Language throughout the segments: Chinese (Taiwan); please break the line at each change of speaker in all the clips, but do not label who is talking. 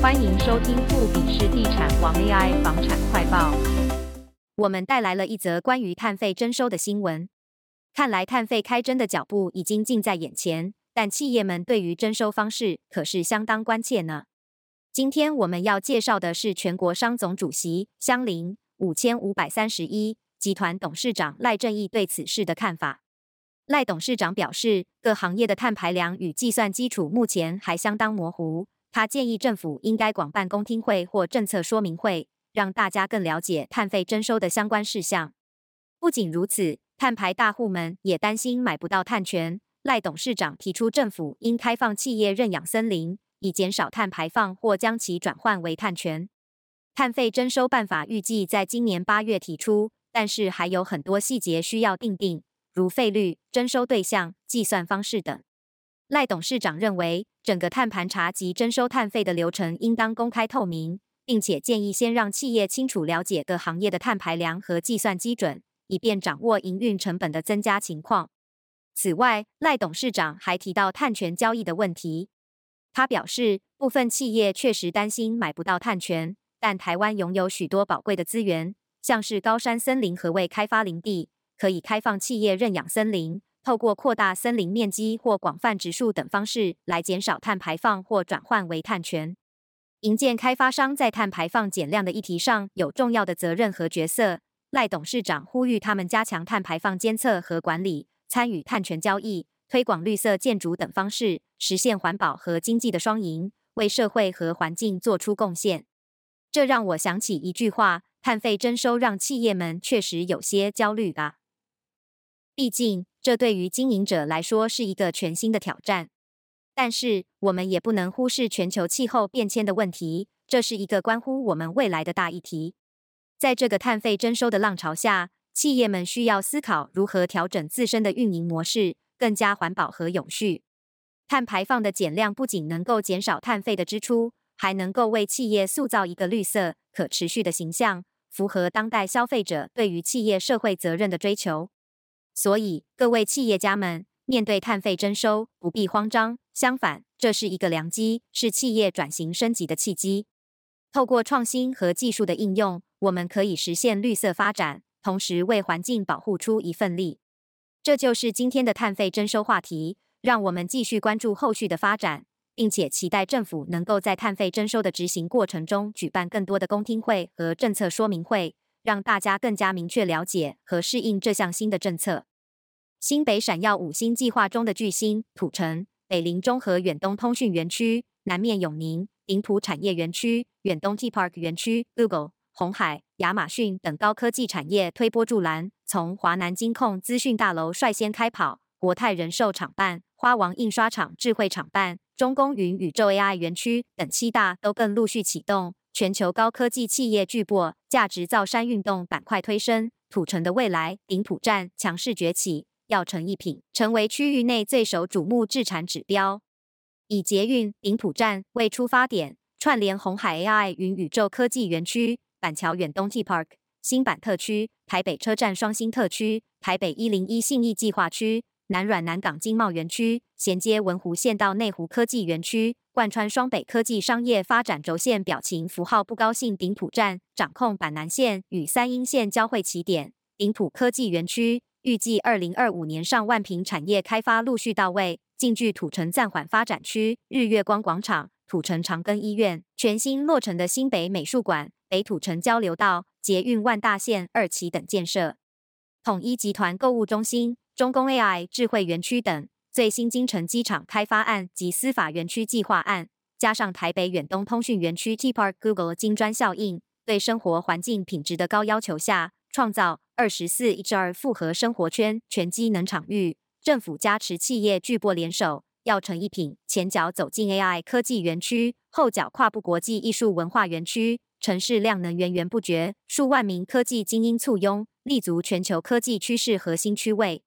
歡迎收聽富比士地產王 AI 房產快報。我們帶來了一則關於碳費徵收的新聞。看來碳費開徵的腳步已經近在眼前，但企業們對於徵收方式可是相當關切呢。今天我們要介紹的是全國商總主席鄉林五千五百三十一集團董事長賴正鎰對此事的看法。賴董事長表示，各行業的碳排量與計算基礎目前還相當模糊。他建議政府應該廣辦公聽會或政策說明會，讓大家更了解碳費徵收的相關事項。不僅如此，碳排大戶們也擔心買不到碳權。賴董事長提出，政府應開放企業認養森林，以減少碳排放或將其轉換為碳權。碳費徵收辦法預計在今年八月提出，但是還有很多細節需要訂定，如費率、徵收對象、計算方式等。賴董事長認為，整個碳盤查及徵收碳費的流程應當公開透明，並且建議先讓企業清楚了解各行業的碳排量和計算基準，以便掌握營運成本的增加情況。此外，賴董事長還提到碳權交易的問題。他表示，部分企業確實擔心買不到碳權，但台灣擁有許多寶貴的資源，像是高山森林和未開發林地，可以開放企業認養森林。透過擴大森林面積、或廣泛植樹等方式來減少碳排放或轉換為碳權。營建開發商在碳排放減量的議題上有重要的責任和角色。賴董事長呼籲他們加強碳排放監測和管理，參與碳權交易，推廣綠色建築等方式，實現環保和經濟的雙贏，為社會和環境做出貢獻。這讓我想起一句話：碳費徵收讓企業們確實有些焦慮啊。畢竟。這對於經營者來說是一個全新的挑戰，但是我們也不能忽視全球氣候變遷的問題，這是一個關乎我們未來的大議題。在這個碳費徵收的浪潮下，企業們需要思考如何調整自身的運營模式，更加環保和永續。碳排放的減量不僅能夠減少碳費的支出，還能夠為企業塑造一個綠色、可持續的形象，符合當代消費者對於企業社會責任的追求。所以，各位企業家們，面對碳費徵收不必慌張。相反，這是一個良機，是企業轉型升級的契機。透過創新和技術的應用，我們可以實現綠色發展，同時為環境保護出一份力。這就是今天的碳費徵收話題。讓我們繼續關注後續的發展，並且期待政府能夠在碳費徵收的執行過程中舉辦更多的公聽會和政策說明會。讓大家更加明確了解和適應這項新的政策。新北閃耀五星計劃中的巨星、土城、北林中和遠東通訊園區、南面永寧、林浦產業園區、遠東 T Park 園區、Google、鴻海、亞馬遜等高科技產業推波助瀾，從華南金控資訊大樓率先開跑。國泰人壽廠辦、花王印刷廠智慧廠辦、中工雲宇宙 AI 園區等七大都更陸續啟動。全球高科技企業巨擘，價值造山運動板塊推升，土城的未來頂埔站強勢崛起，耀承一品成為區域內最受矚目置產指標。以捷運頂埔站為出發點，串聯鴻海 AI 雲宇宙科技園區、板橋遠東 T Park、新板特區、台北車站雙星特區、台北一零一信義計劃區。南軟南港經貿園區銜接文湖線到內湖科技園區，貫穿雙北科技商業發展軸線。表情符號不高興。頂埔站掌控板南線與三鶯線交匯起點。頂埔科技園區預計二零二五年上萬平產業開發陸續到位。近距土城暫緩發展區，日月光廣場、土城長庚醫院、全新落成的新北美術館、北土城交流道、捷運萬大線二期等建設。統一集團購物中心。中工 AI 智慧園區等最新京城機場開發案及司法園區計劃案，加上台北遠東通訊園區、T Park Google 金磚效應，對生活環境品質的高要求下，創造二十四 HR 複合生活圈全機能場域。政府加持企業巨擘聯手，耀承一品。前腳走進 AI 科技園區，後腳跨步國際藝術文化園區，城市量能源源不絕，數萬名科技精英簇擁，擁，立足全球科技趨勢核心區位。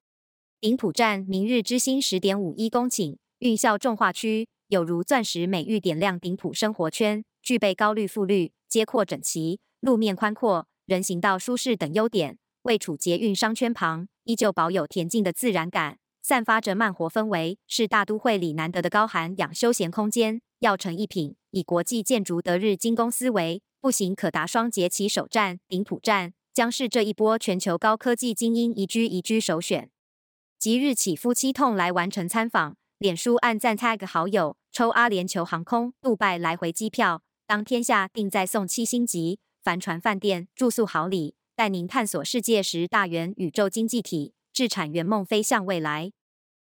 頂埔站明日之星，十點五一公頃，運校重劃區，有如鑽石美玉，點亮頂埔生活圈，具備高綠覆綠、街廓整齊、路面寬闊、人行道舒適等優點。位處捷運商圈旁，依舊保有恬靜的自然感，散發着慢活氛圍，是大都會裡難得的高含氧休閒空間。耀承一品，以國際建築德日精工思維，步行可達雙捷起手站頂埔站，將是這一波全球高科技精英宜居宜居首選。即日起，夫妻痛來完成參訪，臉書按讚 tag 好友，抽阿聯酋航空杜拜來回機票。當天下定再送七星級帆船飯店住宿好禮，帶您探索世界十大元宇宙經濟體，置產圓夢，飛向未來。